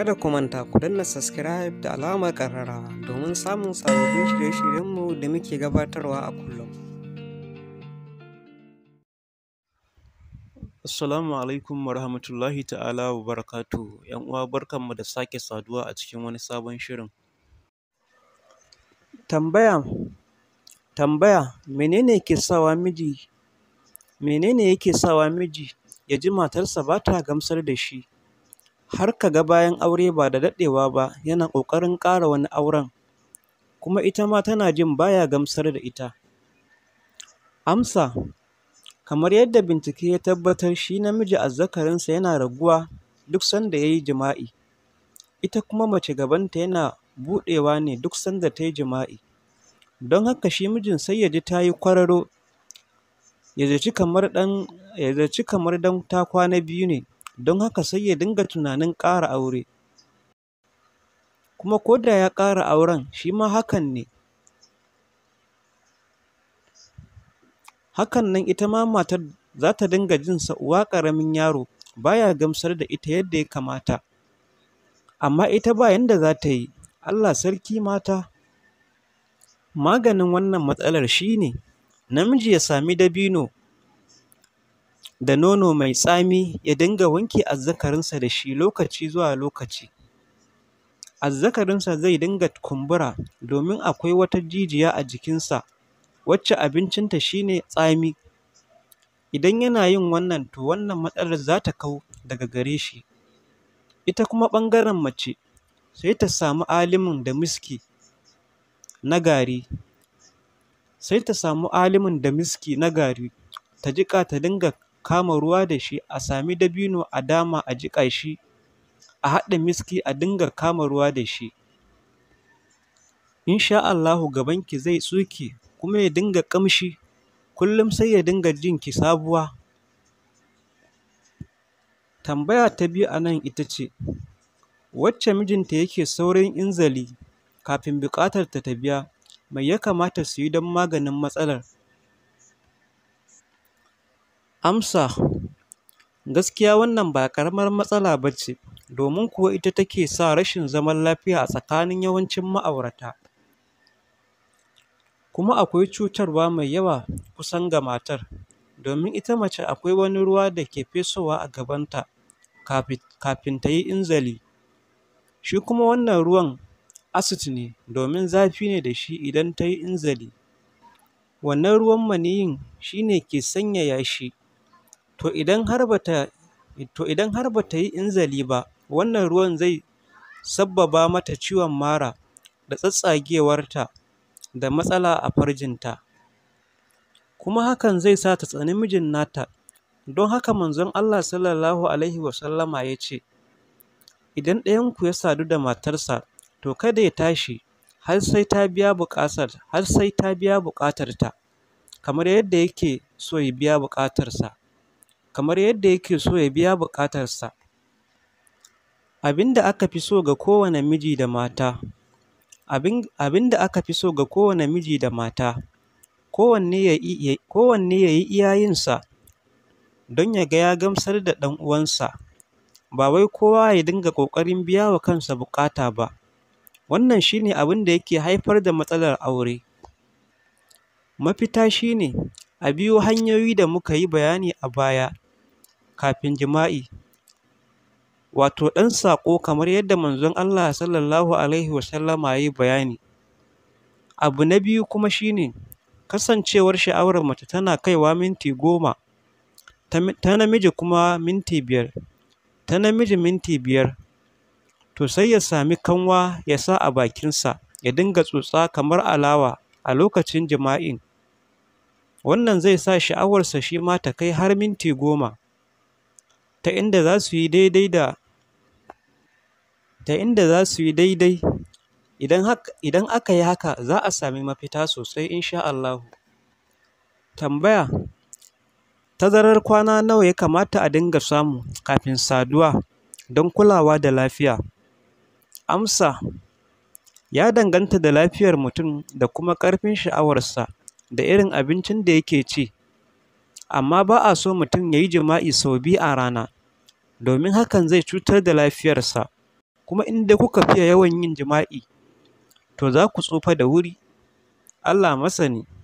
Kada ku manta ku danna subscribe da alamar ƙararrawa domin samun sababbin shirye-shiryenmu da muke gabatarwa a kullum. Assalamu alaikum wa rahmatullahi ta'ala wa barakatu ‘Yan uwa barkanmu da sake saduwa a cikin wani sabon shirin. Tambaya, tambaya menene ke sawa miji menene yake sawa miji ya ji matarsa ba ta gamsar da shi har ka ga bayan aure ba da daɗewa ba yana ƙoƙarin ƙara wani auren kuma ita ma tana jin baya gamsar da ita amsa kamar yadda bincike ya tabbatar shi namiji azzakarinsa yana raguwa duk sanda ya yi jima'i ita kuma mace gabanta yana buɗewa ne duk sanda ta yi jima'i don haka shi mijin sai ya ji ta yi kwararo ya zaci kamar ɗan dan ta kwana biyu ne don haka sai ya dinga tunanin ƙara aure. Kuma ko da ya ƙara auren shi ma hakan ne. Hakan nan ita ma matar za ta dinga jin uwa ƙaramin yaro baya gamsar da ita yadda ya kamata. Amma ita ba yanda za ta yi, Allah sarki mata. Maganin wannan matsalar shi ne, namiji ya sami dabino da nono mai tsami ya dinga wanke azzakarinsa da shi lokaci zuwa lokaci. Azzakarinsa zai dinga kumbura domin akwai wata jijiya a jikinsa wacce abincinta shi ne tsami. Idan yana yin wannan to wannan matsalar za ta kau daga gare shi. Ita kuma ɓangaren mace sai ta samu alimin da miski na gari, sai ta samu alimin da miski na gari ta jika ta dinga kama ruwa da shi a sami dabino a dama a jiƙa shi a haɗa miski a dinga kama ruwa da shi insha Allahu gabanki zai tsuke kuma ya dinga ƙamshi kullum sai ya dinga jin ki sabuwa tambaya ta biyu a nan ita ce wacce mijinta yake saurin inzali kafin buƙatar ta ta biya mai ya kamata su yi don maganin matsalar Amsa: Gaskiya wannan ba ƙaramar matsala ba ce, domin kuwa ita take sa rashin zaman lafiya a tsakanin yawancin ma'aurata, kuma akwai cutarwa mai yawa kusan ga matar, domin ita mace akwai wani ruwa da ke fesowa a gabanta kafin ta yi inzali, shi kuma wannan ruwan acid ne domin zafi ne da shi idan ta yi inzali, wannan ruwan maniyyin shi ne ke sanyaya shi to idan har bata to idan har yi inzali ba wannan ruwan zai sabbaba mata ciwon mara da tsatsagewarta da matsala a farjinta kuma hakan zai sa ta tsani mijin nata don haka manzon Allah sallallahu alaihi Sallama ya ce idan ɗayanku ya sadu da matarsa to kada ya tashi har sai ta biya buƙatar har sai ta biya buƙatarta kamar yadda yake so ya biya buƙatarsa kamar yadda yake so ya biya buƙatarsa. Abin da aka fi so ga kowane miji da mata, abin aka fi so ga kowane miji da mata, kowanne ya yi iyayensa don ya ga ya gamsar da ɗan uwansa, ba wai kowa ya dinga ƙoƙarin biya wa kansa buƙata ba. Wannan shi ne abin da yake haifar da matsalar aure. Mafita shi ne a biyo hanyoyi da muka yi bayani a baya kafin jima'i wato ɗan saƙo kamar yadda manzon Allah sallallahu alaihi wasallama ya yi bayani abu na biyu kuma shine kasancewar sha'awar mace tana kaiwa minti goma ta namiji kuma minti biyar ta namiji minti biyar to sai ya sami kanwa ya sa a bakinsa ya dinga tsotsa kamar alawa a lokacin jima'in wannan zai sa sha'awarsa shi ma ta kai har minti goma ta inda za su yi daidai da ta inda za su yi daidai idan aka yi haka za a sami mafita sosai insha Allahu. Tambaya tazarar kwana nawa ya kamata a dinga samu kafin saduwa don kulawa da lafiya? Amsa ya danganta da lafiyar mutum da kuma ƙarfin sha'awarsa da irin abincin da yake ci. amma ba a so mutum ya yi jima'i sau biyu a rana, domin hakan zai cutar da lafiyarsa, kuma in dai kuka fiye yawan yin jima'i, to za ku tsufa da wuri, Allah masani.